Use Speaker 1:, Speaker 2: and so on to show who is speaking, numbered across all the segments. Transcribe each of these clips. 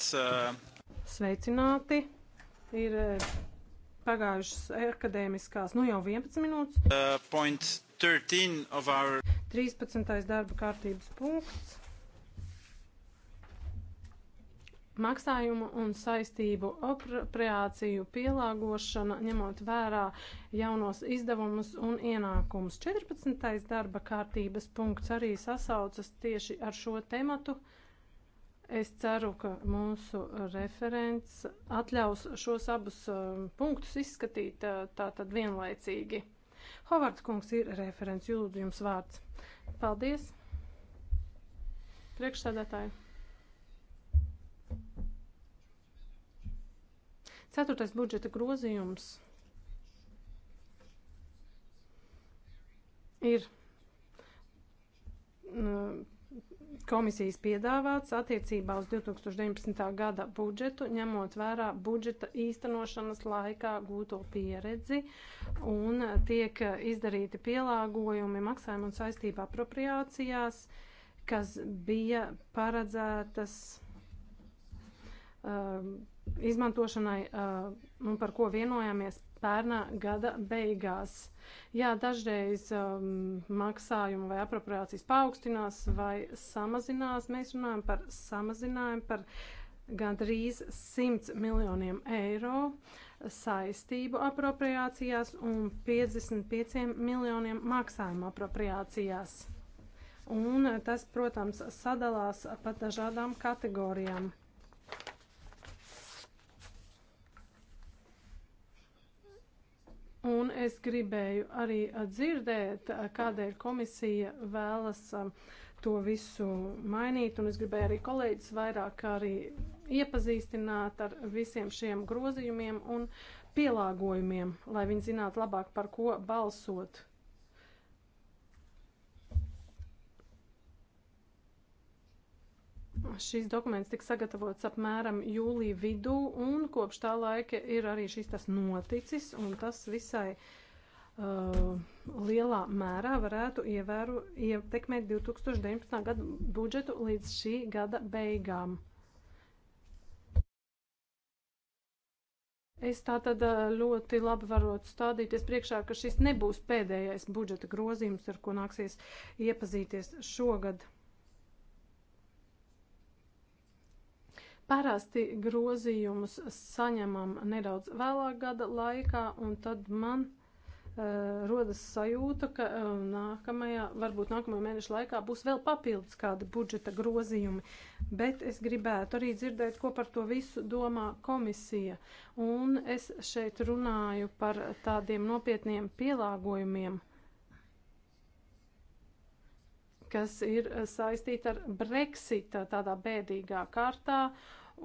Speaker 1: It's, uh...
Speaker 2: Sveicināti! Ir pagājušas akadēmiskās, nu jau 11 minūtes.
Speaker 1: Uh, point 13 of our.
Speaker 2: 13. darba kārtības punkts. Maksājumu un saistību apropriāciju pielāgošana, ņemot vērā jaunos izdevumus un ienākumus. 14. darba kārtības punkts arī sasaucas tieši ar šo tematu. Uh, Es ceru, ka mūsu referents atļaus šos abus um, punktus izskatīt uh, tātad vienlaicīgi. Hovards kungs ir referents, jūdzu jums vārds. Paldies. Priekšsēdētāji. Ceturtais budžeta grozījums ir. Uh, komisijas piedāvāts attiecībā uz 2019. gada budžetu, ņemot vērā budžeta īstenošanas laikā gūto pieredzi un tiek izdarīti pielāgojumi maksājumu un saistību apropriācijās, kas bija paredzētas uh, izmantošanai uh, un par ko vienojāmies pērnā gada beigās. Jā, dažreiz um, maksājumu vai apropriācijas paaugstinās vai samazinās. Mēs runājam par samazinājumu par gandrīz 100 miljoniem eiro saistību apropriācijās un 55 miljoniem maksājumu apropriācijās. Un tas, protams, sadalās pa dažādām kategorijām. Un es gribēju arī dzirdēt, kādēļ komisija vēlas to visu mainīt, un es gribēju arī kolēģis vairāk arī iepazīstināt ar visiem šiem grozījumiem un pielāgojumiem, lai viņi zinātu labāk, par ko balsot. Šis dokuments tika sagatavots apmēram jūlija vidū, un kopš tā laika ir arī šis tas noticis, un tas visai uh, lielā mērā varētu ievēru, ietekmēt 2019. gada budžetu līdz šī gada beigām. Es tā tad uh, ļoti labi varu stādīties priekšā, ka šis nebūs pēdējais budžeta grozījums, ar ko nāksies iepazīties šogad. Parasti grozījumus saņemam nedaudz vēlāk gada laikā, un tad man uh, rodas sajūta, ka uh, nākamajā, varbūt nākamajā mēneša laikā būs vēl papildus kāda budžeta grozījumi, bet es gribētu arī dzirdēt, ko par to visu domā komisija. Un es šeit runāju par tādiem nopietniem pielāgojumiem kas ir eh, saistīta ar Brexit tādā bēdīgā kārtā.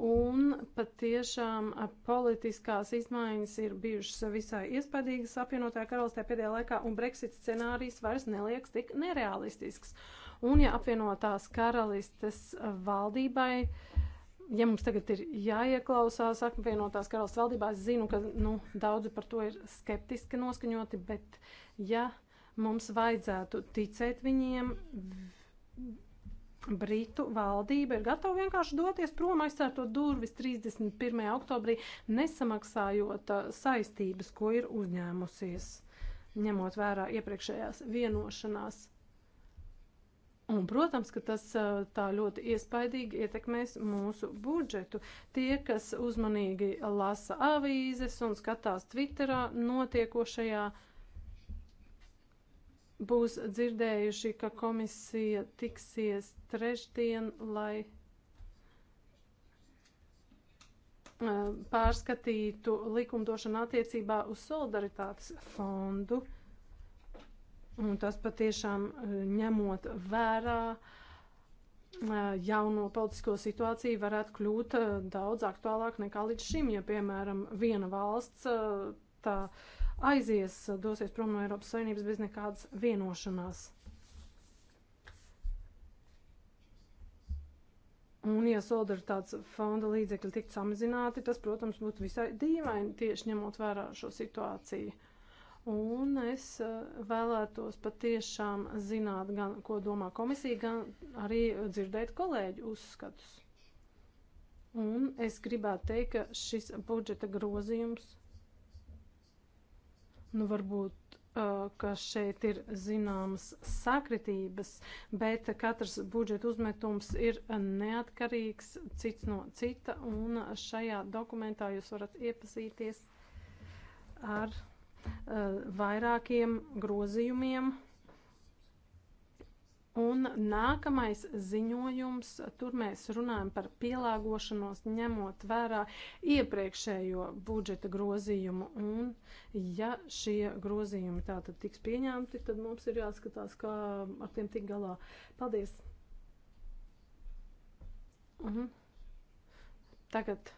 Speaker 2: Un patiešām eh, politiskās izmaiņas ir bijušas visai iespaidīgas apvienotajā karalistē pēdējā laikā, un Brexit scenārijs vairs neliekas tik nereālistisks. Un ja apvienotās karalistes eh, valdībai, ja mums tagad ir jāieklausās apvienotās karalistes valdībā, es zinu, ka nu, daudzi par to ir skeptiski noskaņoti, bet ja Mums vajadzētu ticēt viņiem. Britu valdība ir gatava vienkārši doties prom, aizsērtot durvis 31. oktobrī, nesamaksājot uh, saistības, ko ir uzņēmusies, ņemot vērā iepriekšējās vienošanās. Un, protams, ka tas uh, tā ļoti iespaidīgi ietekmēs mūsu budžetu. Tie, kas uzmanīgi lasa avīzes un skatās Twitterā notiekošajā, uh, būs dzirdējuši, ka komisija tiksies trešdien, lai e, pārskatītu likumdošanu attiecībā uz solidaritātes fondu. Un tas patiešām e, ņemot vērā e, jauno politisko situāciju varētu kļūt daudz aktuālāk nekā līdz šim, ja, piemēram, viena valsts tā uh, aizies, dosies prom no Eiropas Savienības bez nekādas vienošanās. Un, ja solidaritātes fonda līdzekļi tiktu samazināti, tas, protams, būtu visai dīvaini, tieši ņemot vērā šo situāciju. Un es eh, vēlētos patiešām zināt, gan ko domā komisija, gan arī dzirdēt kolēģu uzskatus. Un es gribētu teikt, ka šis budžeta grozījums Nu, varbūt, ka šeit ir zināmas sakritības, bet katrs budžeta uzmetums ir neatkarīgs cits no cita, un šajā dokumentā jūs varat iepazīties ar vairākiem grozījumiem Un nākamais ziņojums, tur mēs runājam par pielāgošanos, ņemot vērā iepriekšējo budžeta grozījumu. Un, ja šie grozījumi tātad tiks pieņemti, tad mums ir jāskatās, kā ar tiem tik galā. Paldies! Un mhm. tagad,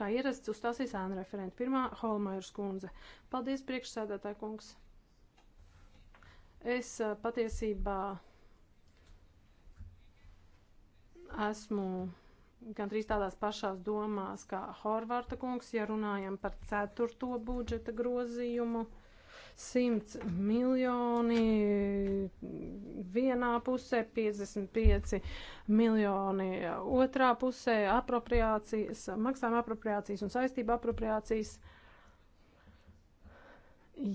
Speaker 2: kā ierasts, uzstāsīs ēna referenta pirmā Holmairs kundze. Paldies, priekšsēdētāja kungs! Es patiesībā esmu gandrīz tādās pašās domās kā Horvārta kungs, ja runājam par ceturto budžeta grozījumu. 100 miljoni vienā pusē, 55 miljoni otrā pusē, apropriācijas, maksājuma apropriācijas un saistība apropriācijas.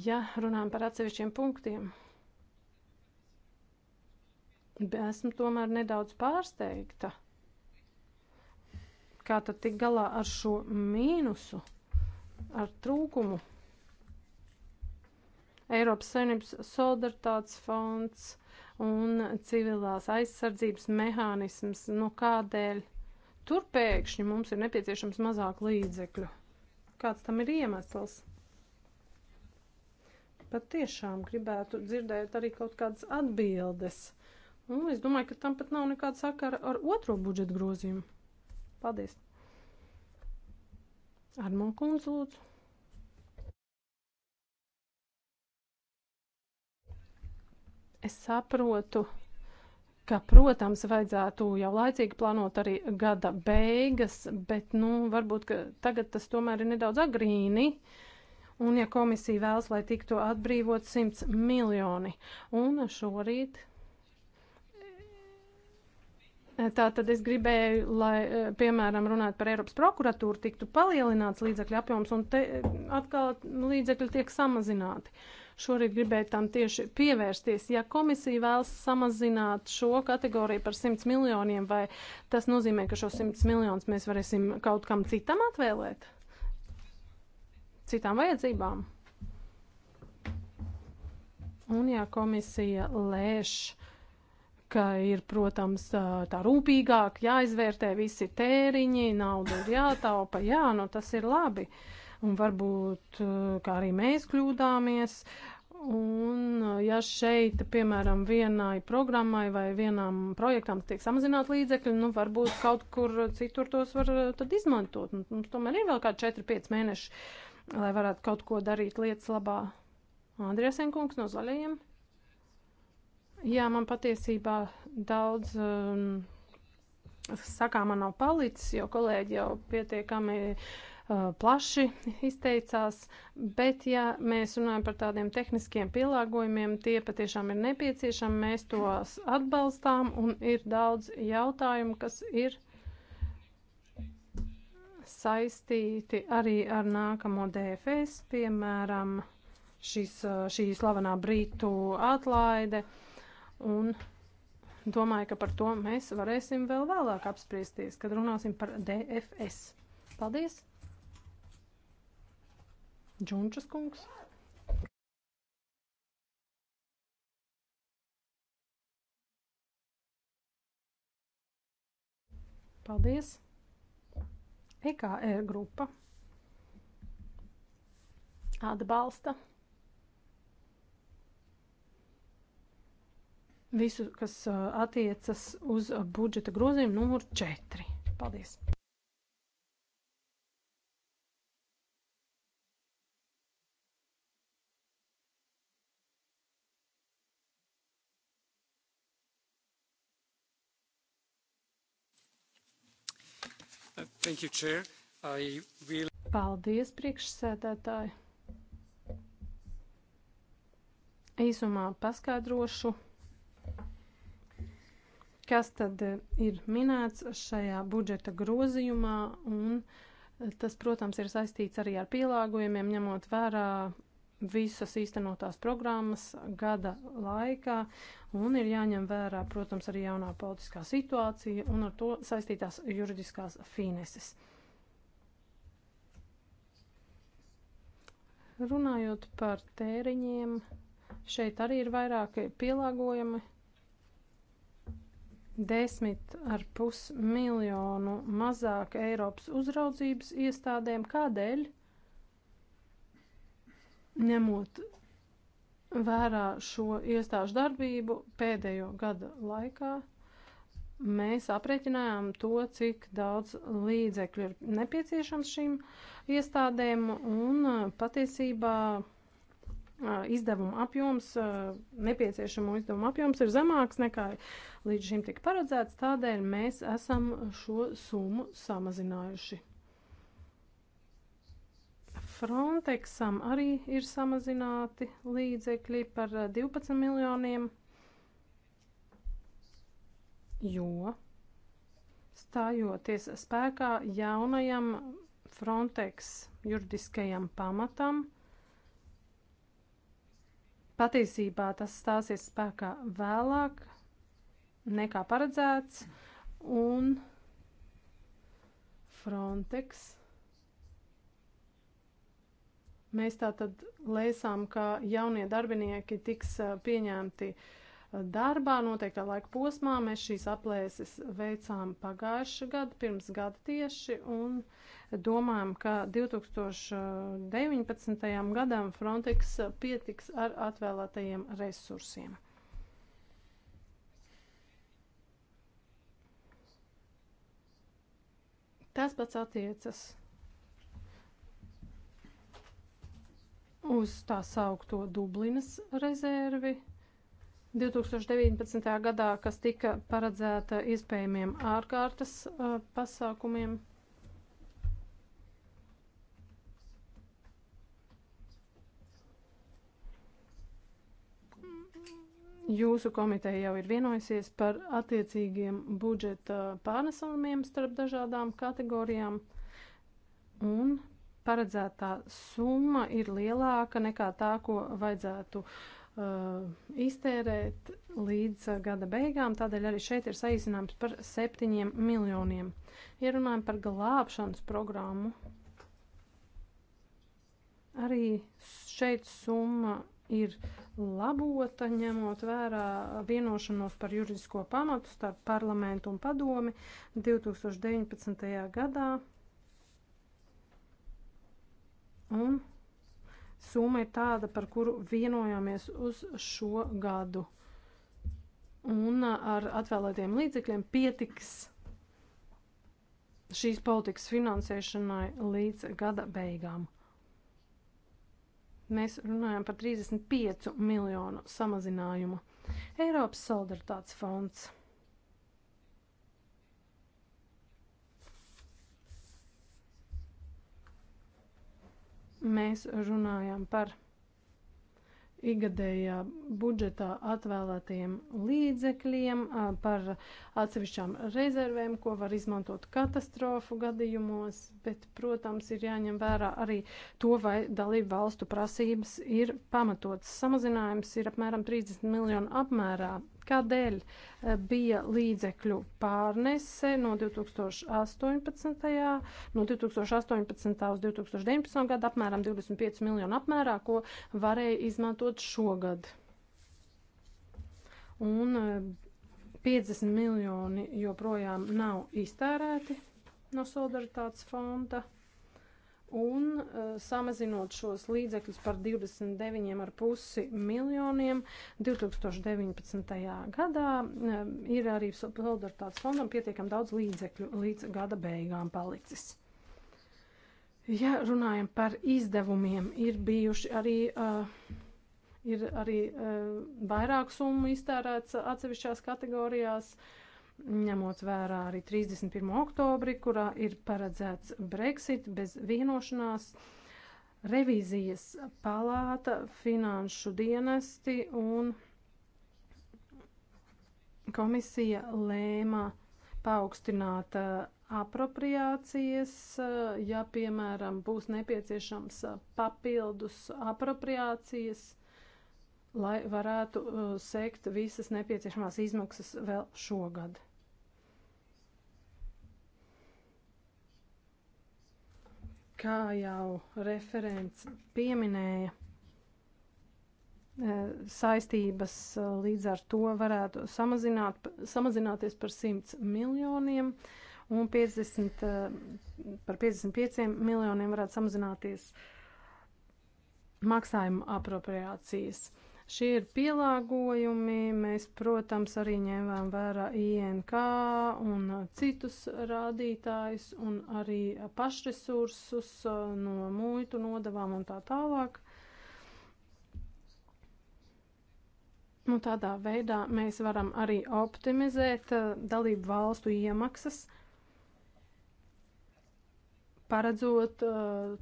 Speaker 2: Ja runājam par atsevišķiem punktiem, Esmu tomēr nedaudz pārsteigta. Kā tad tik galā ar šo mīnusu, ar trūkumu? Eiropas Savienības solidaritātes fonds un civilās aizsardzības mehānisms, nu kādēļ tur pēkšņi mums ir nepieciešams mazāk līdzekļu? Kāds tam ir iemesls? Pat tiešām gribētu dzirdēt arī kaut kādas atbildes. Uh, Un nu, es domāju, ka tam pat nav nekāda sakara ar otro budžeta grozījumu. Paldies! Armon kundze, lūdzu. Es saprotu, ka, protams, vajadzētu jau laicīgi plānot arī gada beigas, bet, nu, varbūt, ka tagad tas tomēr ir nedaudz agrīni. Un, ja komisija vēlas, lai tiktu atbrīvot 100 miljoni, un šorīt Tā tad es gribēju, lai, e, piemēram, runājot par Eiropas prokuratūru, tiktu palielināts līdzekļu apjoms, un te e, atkal līdzekļi tiek samazināti. Šorīt gribēju tam tieši pievērsties. Ja komisija vēlas samazināt šo kategoriju par 100 miljoniem, vai tas nozīmē, ka šo 100 miljonus mēs varēsim kaut kam citam atvēlēt? Citām vajadzībām? Un ja komisija lēš ka ir, protams, tā rūpīgāk jāizvērtē visi tēriņi, nauda ir jātaupa, jā, nu tas ir labi. Un varbūt, kā arī mēs kļūdāmies, Un, ja šeit, piemēram, vienai programmai vai vienam projektam tiek samazināt līdzekļi, nu, varbūt kaut kur citur tos var tad izmantot. Un, mums tomēr ir vēl kādi 4-5 mēneši, lai varētu kaut ko darīt lietas labā. Andriesenkungs no zaļajiem. Jā, man patiesībā daudz um, sakāma nav palicis, jo kolēģi jau pietiekami uh, plaši izteicās, bet ja mēs runājam par tādiem tehniskiem pielāgojumiem, tie patiešām ir nepieciešami, mēs tos atbalstām un ir daudz jautājumu, kas ir saistīti arī ar nākamo DFS, piemēram, šis, uh, šī slavenā brītu atlaide. Uh, Un domāju, ka par to mēs varēsim vēl vēlāk apspriesties, kad runāsim par DFS. Paldies! Džunčas kungs! Paldies! EKR e grupa atbalsta visu, kas attiecas uz budžeta grozījumu numur 4. Paldies! Thank you, Chair. I will... Paldies, priekšsēdētāji. Īsumā paskaidrošu kas tad eh, ir minēts šajā budžeta grozījumā, un eh, tas, protams, ir saistīts arī ar pielāgojumiem, ņemot vērā visas īstenotās programmas gada laikā, un ir jāņem vērā, protams, arī jaunā politiskā situācija un ar to saistītās juridiskās fineses. Runājot par tēriņiem, šeit arī ir vairāki pielāgojumi desmit ar pus miljonu mazāk Eiropas uzraudzības iestādēm. Kādēļ? Ņemot vērā šo iestāžu darbību pēdējo gada laikā mēs aprēķinājām to, cik daudz līdzekļu ir nepieciešams šīm iestādēm, un patiesībā izdevumu apjoms, nepieciešamo izdevumu apjoms ir zemāks nekā līdz šim tika paredzēts, tādēļ mēs esam šo summu samazinājuši. Frontexam arī ir samazināti līdzekļi par 12 miljoniem, jo stājoties spēkā jaunajam Frontex juridiskajam pamatam, Patiesībā tas stāsies spēkā vēlāk nekā paredzēts, un Frontex. Mēs tā tad lēsām, ka jaunie darbinieki tiks pieņemti uh, darbā noteiktā laika posmā. Mēs šīs aplēses veicām pagājušā gada, pirms gada tieši, un domājam, ka 2019. gadam Frontex pietiks ar atvēlētajiem resursiem. Tas pats attiecas uz tā saukto Dublinas rezervi. 2019. gadā, kas tika paredzēta iespējamiem ārkārtas uh, pasākumiem. Jūsu komiteja jau ir vienojusies par attiecīgiem budžeta pārnesumiem starp dažādām kategorijām, un paredzētā summa ir lielāka nekā tā, ko vajadzētu uh, Uh, iztērēt līdz uh, gada beigām, tādēļ arī šeit ir saīsinājums par septiņiem miljoniem. Ja runājam par glābšanas programmu, arī šeit summa ir labota, ņemot vērā vienošanos par juridisko pamatu starp parlamentu un padomi 2019. gadā. Un Summa ir tāda, par kuru vienojāmies uz šo gadu. Un ar atvēlētiem līdzekļiem pietiks šīs politikas finansēšanai līdz gada beigām. Mēs runājam par 35 miljonu samazinājumu. Eiropas solidaritātes fonds. mēs runājam par igadējā budžetā atvēlētajiem līdzekļiem, par atsevišķām rezervēm, ko var izmantot katastrofu gadījumos, bet, protams, ir jāņem vērā arī to, vai dalību valstu prasības ir pamatotas. Samazinājums ir apmēram 30 miljonu apmērā kādēļ eh, bija līdzekļu pārnese no 2018. no 2018. uz 2019. gadu apmēram 25 miljonu apmērā, ko varēja izmantot šogad. Un 50 eh, miljoni joprojām nav iztērēti no solidaritātes fonda un uh, samazinot šos līdzekļus par 29,5 miljoniem 2019. gadā, uh, ir arī solidaritātes fondam pietiekam daudz līdzekļu līdz gada beigām palicis. Ja runājam par izdevumiem, ir bijuši arī. Uh, Ir arī uh, vairāk summu iztērēts atsevišķās kategorijās, uh, ņemot vērā arī 31. oktobri, kurā ir paredzēts Brexit bez vienošanās. Revīzijas palāta, finanšu dienesti un komisija lēma paaugstināt apropriācijas, ja, piemēram, būs nepieciešams papildus apropriācijas, lai varētu sekt visas nepieciešamās izmaksas vēl šogad. kā jau referents pieminēja, eh, saistības eh, līdz ar to varētu samazināt, samazināties par 100 miljoniem un 50, eh, par 55 miljoniem varētu samazināties maksājuma apropriācijas. Uh, Šie ir pielāgojumi. Mēs, protams, arī ņēmām vērā INK un citus rādītājus un arī pašresursus no muitu nodavām un tā tālāk. Nu, tādā veidā mēs varam arī optimizēt dalību valstu iemaksas, paredzot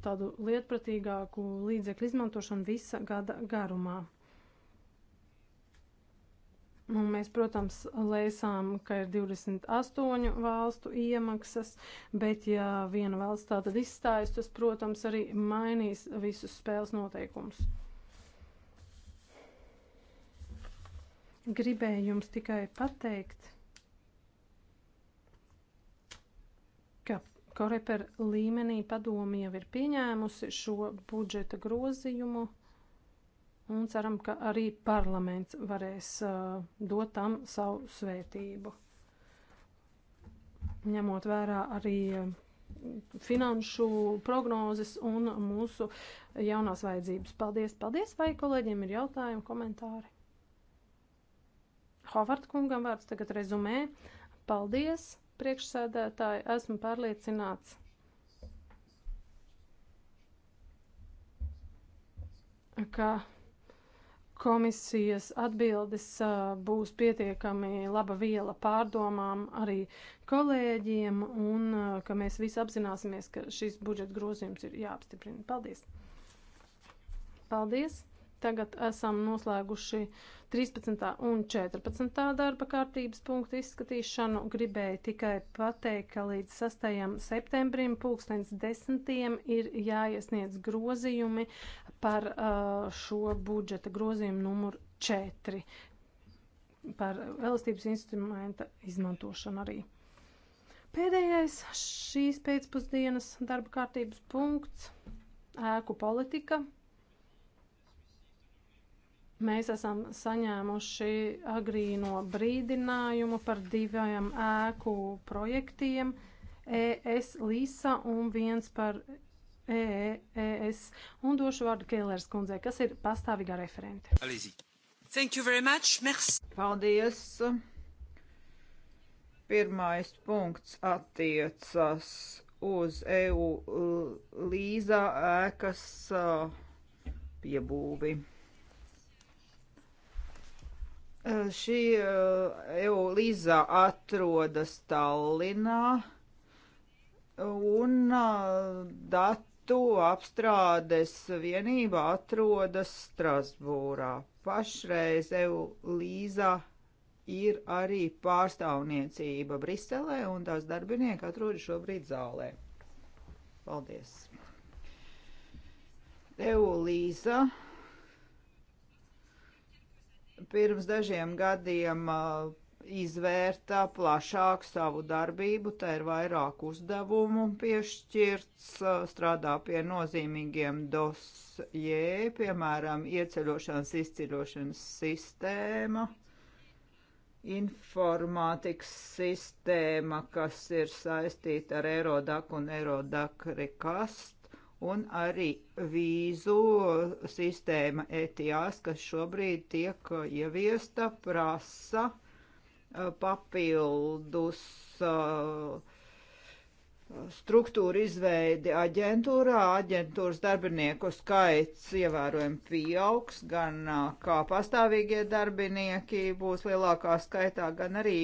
Speaker 2: tādu lietpratīgāku līdzekļu izmantošanu visa gada garumā. Un nu, mēs, protams, lēsām, ka ir 28 valstu iemaksas, bet ja viena valsts tā tad izstājas, tas, protams, arī mainīs visus spēles noteikumus. Gribēju jums tikai pateikt, ka Koreper līmenī padomi jau ir pieņēmusi šo budžeta grozījumu un ceram, ka arī parlaments varēs uh, dot tam savu svētību. Ņemot vērā arī uh, finanšu prognozes un mūsu jaunās vajadzības. Paldies, paldies, vai kolēģiem ir jautājumi, komentāri? Hovard kungam vārds tagad rezumē. Paldies, priekšsēdētāji, esmu pārliecināts. ka Komisijas atbildes būs pietiekami laba viela pārdomām arī kolēģiem un ka mēs visi apzināsimies, ka šis budžeta grozījums ir jāapstiprina. Paldies! Paldies! Tagad esam noslēguši 13. un 14. darba kārtības punktu izskatīšanu. Gribēju tikai pateikt, ka līdz 6. septembrim pulkstens desmitiem ir jāiesniedz grozījumi par uh, šo budžeta grozījumu numuru 4 par elastības instrumenta izmantošanu arī. Pēdējais šīs pēcpusdienas darba kārtības punkts - ēku politika. Mēs esam saņēmuši agrīno brīdinājumu par diviem ēku projektiem e - ES Līsa un viens par EES. Un došu vārdu Kēlērs kundzei, kas ir pastāvīgā referente.
Speaker 1: Alīzī. Thank you very much. Merci. Paldies. Pirmais punkts attiecas uz EU līza ēkas uh, piebūvi. Eh, šī Eulīza eh, e atrodas Tallinā un eh, datu apstrādes vienība atrodas Strasbūrā. Pašreiz Eulīza ir arī pārstāvniecība Briselē un tās darbinieki atrodas šobrīd zālē. Paldies! Eulīza pirms dažiem gadiem uh, izvērtā plašāk savu darbību, tā ir vairāk uzdevumu piešķirts, uh, strādā pie nozīmīgiem dosjē, piemēram, ieceļošanas izceļošanas sistēma, informātikas sistēma, kas ir saistīta ar Eirodak un Eirodak rekast, un arī vīzu sistēma ETIAS, kas šobrīd tiek ieviesta, prasa eh, papildus uh, struktūru izveidi aģentūrā. Aģentūras darbinieku skaits ievērojami pieaugs, gan kā pastāvīgie darbinieki būs lielākā skaitā, gan arī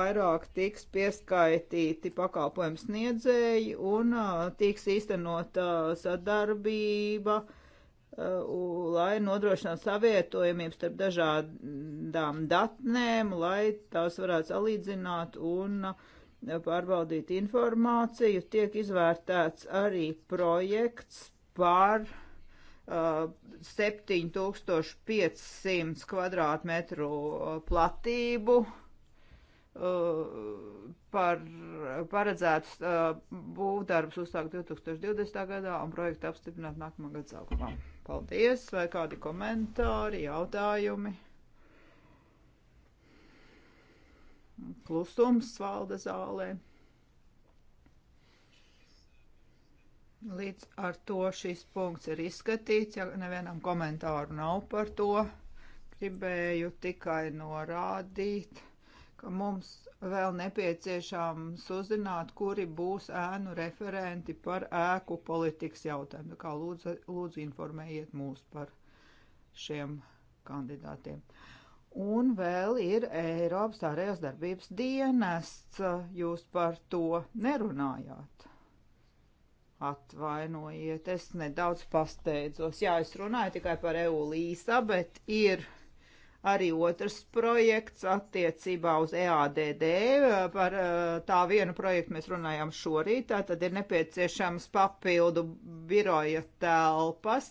Speaker 1: vairāk tiks pieskaitīti pakalpojumu sniedzēji un tiks īstenota sadarbība, lai nodrošinātu savietojamību starp dažādām datnēm, lai tās varētu salīdzināt un uh, pārbaudīt informāciju, tiek izvērtēts arī projekts par uh, 7500 kvadrātmetru uh, platību uh, par paredzēts uh, būvdarbs uzsākt 2020. gadā un projektu apstiprināt nākamā gada sākumā. Paldies! Vai kādi komentāri, jautājumi? Klusums valda zālē. Līdz ar to šis punkts ir izskatīts, ja nevienam komentāru nav par to. Gribēju tikai norādīt, ka mums vēl nepieciešams uzzināt, kuri būs ēnu referenti par ēku politikas jautājumu. Kā lūdzu, lūdzu informējiet mūs par šiem kandidātiem. Un vēl ir Eiropas ārējās darbības dienests. Jūs par to nerunājāt. Atvainojiet, es nedaudz pasteidzos. Jā, es runāju tikai par EULīsa, bet ir arī otrs projekts attiecībā uz EADD. Par eh, tā vienu projektu mēs runājām šorīt. Tad ir nepieciešams papildu biroja telpas.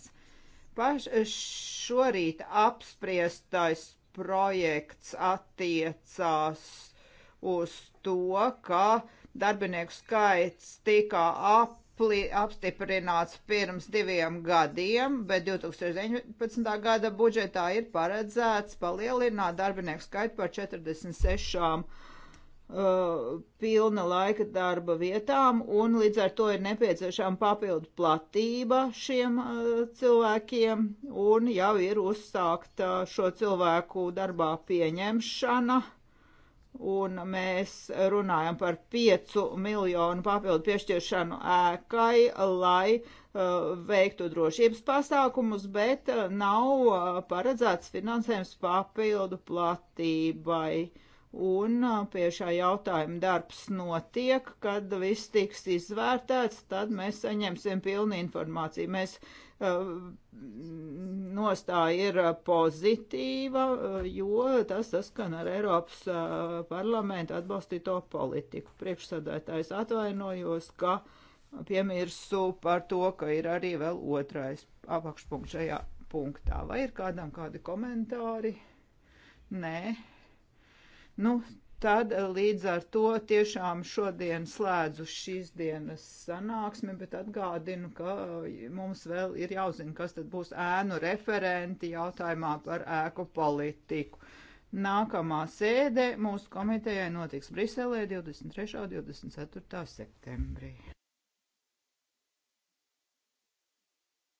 Speaker 1: Paš šorīt apspriestais projekts attiecās uz to, ka darbinieku skaits tika apli, apstiprināts pirms diviem gadiem, bet 2019. gada budžetā ir paredzēts palielināt darbinieku skaitu par 46 pilna laika darba vietām, un līdz ar to ir nepieciešama papildu platība šiem cilvēkiem, un jau ir uzsākta šo cilvēku darbā pieņemšana, un mēs runājam par 5 miljonu papildu piešķiršanu ēkai, lai veiktu drošības pasākumus, bet nav paredzēts finansējums papildu platībai Un pie šā jautājuma darbs notiek, kad viss tiks izvērtēts, tad mēs saņemsim pilnu informāciju. Mēs nostāja ir pozitīva, jo tas saskan ar Eiropas parlamentu atbalstīto politiku. Priekšsēdētājs atvainojos, ka piemirsu par to, ka ir arī vēl otrais apakšpunkts šajā punktā. Vai ir kādam kādi komentāri? Nē. Nu, tad eh, līdz ar to tiešām šodien slēdzu šīs dienas sanāksmi, bet atgādinu, ka eh, mums vēl ir jāzina, kas tad būs ēnu referenti jautājumā par ēku politiku. Nākamā sēde mūsu komitejai notiks Briselē 23. un 24. septembrī.